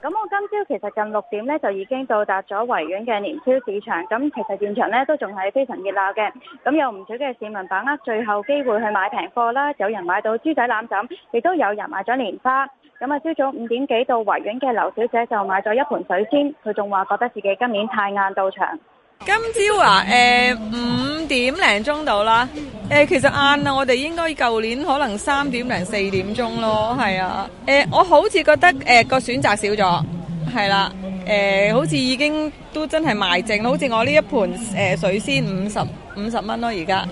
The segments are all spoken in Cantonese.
咁我今朝其實近六點咧就已經到達咗維園嘅年宵市場，咁其實現場咧都仲係非常熱鬧嘅，咁有唔少嘅市民把握最後機會去買平貨啦，有人買到豬仔攬枕咁，亦都有人買咗蓮花。咁啊，朝早五點幾到維園嘅劉小姐就買咗一盆水仙，佢仲話覺得自己今年太晏到場。今朝啊，誒、呃、五點零鐘到啦，誒、呃、其實晏啦，我哋應該舊年可能三點零四點鐘咯，係啊，誒、呃、我好似覺得誒個、呃、選擇少咗，係啦、啊，誒、呃、好似已經都真係賣剩咯，好似我呢一盆誒、呃、水仙五十五十蚊咯而家。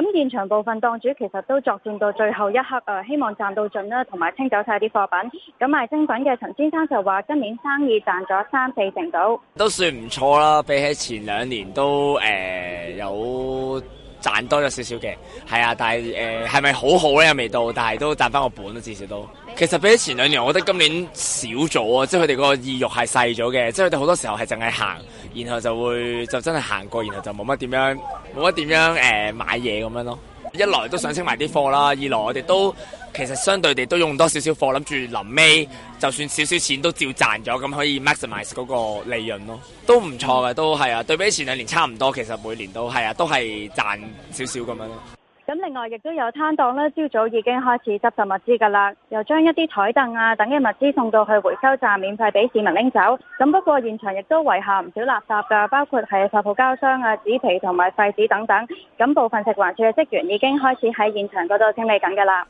咁現場部分檔主其實都作戰到最後一刻，啊，誒希望賺到盡啦，同埋清走晒啲貨品。咁賣精品嘅陳先生就話：今年生意賺咗三四成到，都算唔錯啦。比起前兩年都誒、呃、有。賺多咗少少嘅，係啊，但係誒係咪好好咧？又未到，但係都賺翻個本啦，至少都。其實比起前兩年，我覺得今年少咗啊，即係佢哋個意欲係細咗嘅，即係佢哋好多時候係淨係行，然後就會就真係行過，然後就冇乜點樣，冇乜點樣誒、呃、買嘢咁樣咯。一來都想清埋啲貨啦，二來我哋都其實相對地都用多少少貨，諗住臨尾就算少少錢都照賺咗，咁可以 maximize 嗰個利潤咯，都唔錯嘅，都係啊，對比前兩年差唔多，其實每年都係啊，都係賺少少咁樣。咁另外亦都有攤檔咧，朝早已經開始執拾物資㗎啦，又將一啲台凳啊等嘅物資送到去回收站，免費俾市民拎走。咁不過現場亦都遺下唔少垃圾㗎，包括係發泡膠箱啊、紙皮同埋廢紙等等。咁部分食環處嘅職員已經開始喺現場嗰度清理緊㗎啦。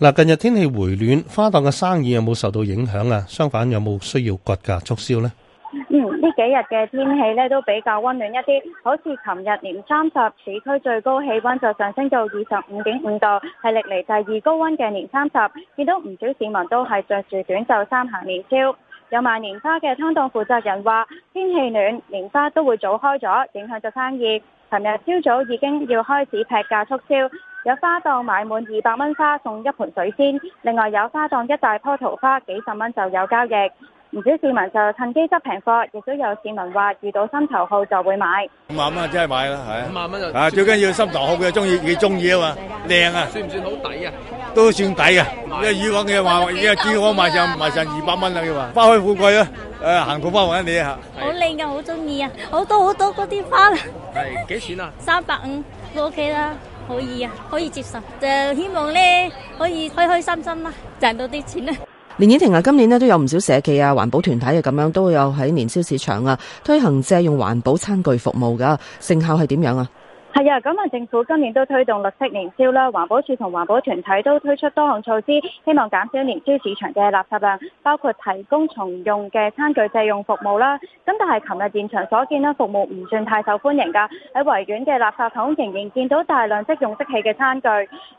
嗱，近日天氣回暖，花檔嘅生意有冇受到影響啊？相反，有冇需要割價促銷呢？嗯，呢幾日嘅天氣咧都比較溫暖一啲，好似琴日年三十市區最高氣溫就上升到二十五點五度，係歷嚟第二高溫嘅年三十。見到唔少市民都係著住短袖衫行年宵。有賣年花嘅攤檔負責人話，天氣暖，年花都會早開咗，影響咗生意。琴日朝早已經要開始劈價促銷，有花檔買滿二百蚊花送一盆水仙，另外有花檔一大棵桃，桃花幾十蚊就有交易。唔少市民就趁機執平貨，亦都有市民話遇到心頭好就會買五萬蚊真係買啦，係五萬蚊就啊最緊要心頭好嘅，中意幾中意啊嘛靚啊，算唔算好抵啊？都算抵啊！因為以往嘅話而家最好賣上賣上二百蚊啦，佢話花開富貴咯，誒行桃花運㗎你啊，好靚噶，好中意啊，好多好多嗰啲花啊，係幾錢啊？三百五 OK 啦，可以啊，可以接受，就希望咧可以開開心心啦，賺到啲錢啦。連漪婷啊，今年咧都有唔少社企啊、環保團體啊咁樣，都有喺年宵市場啊推行借用環保餐具服務噶，成效係點樣啊？係啊！咁啊，政府今年都推動綠色年宵啦，環保署同環保團體都推出多項措施，希望減少年宵市場嘅垃圾量，包括提供重用嘅餐具借用服務啦。咁但係琴日現場所見啦，服務唔算太受歡迎㗎。喺維園嘅垃圾桶仍然見到大量即用即棄嘅餐具。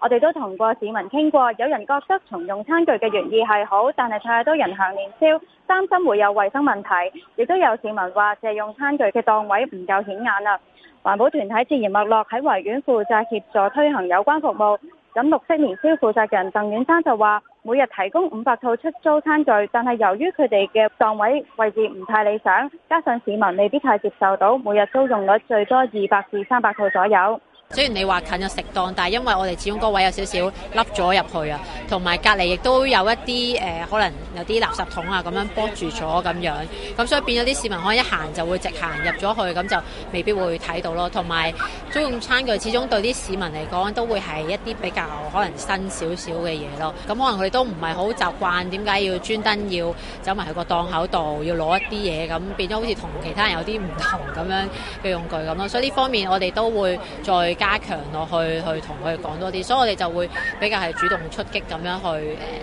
我哋都同過市民傾過，有人覺得重用餐具嘅原意係好，但係太多人行年宵，擔心會有衞生問題。亦都有市民話，借用餐具嘅檔位唔夠顯眼啊。環保團體自然脈絡，喺維園負責協助推行有關服務，咁綠色年宵負責人鄧遠山就話，每日提供五百套出租餐具，但係由於佢哋嘅檔位位置唔太理想，加上市民未必太接受到，每日租用率最多二百至三百套左右。雖然你話近咗食檔，但係因為我哋始終嗰位，有少少凹咗入去啊，同埋隔籬亦都有一啲誒、呃，可能有啲垃圾桶啊咁樣幫住咗咁樣，咁所以變咗啲市民可以一行就會直行入咗去，咁就未必會睇到咯。同埋租用餐具始終對啲市民嚟講都會係一啲比較可能新少少嘅嘢咯。咁可能佢哋都唔係好習慣，點解要專登要走埋去個檔口度要攞一啲嘢，咁變咗好似同其他人有啲唔同咁樣嘅用具咁咯。所以呢方面我哋都會再。加強落去，去同佢哋講多啲，所以我哋就會比較係主動出擊咁樣去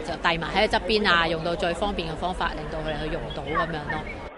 誒，就遞埋喺側邊啊，用到最方便嘅方法，令到佢哋去用到咁樣咯。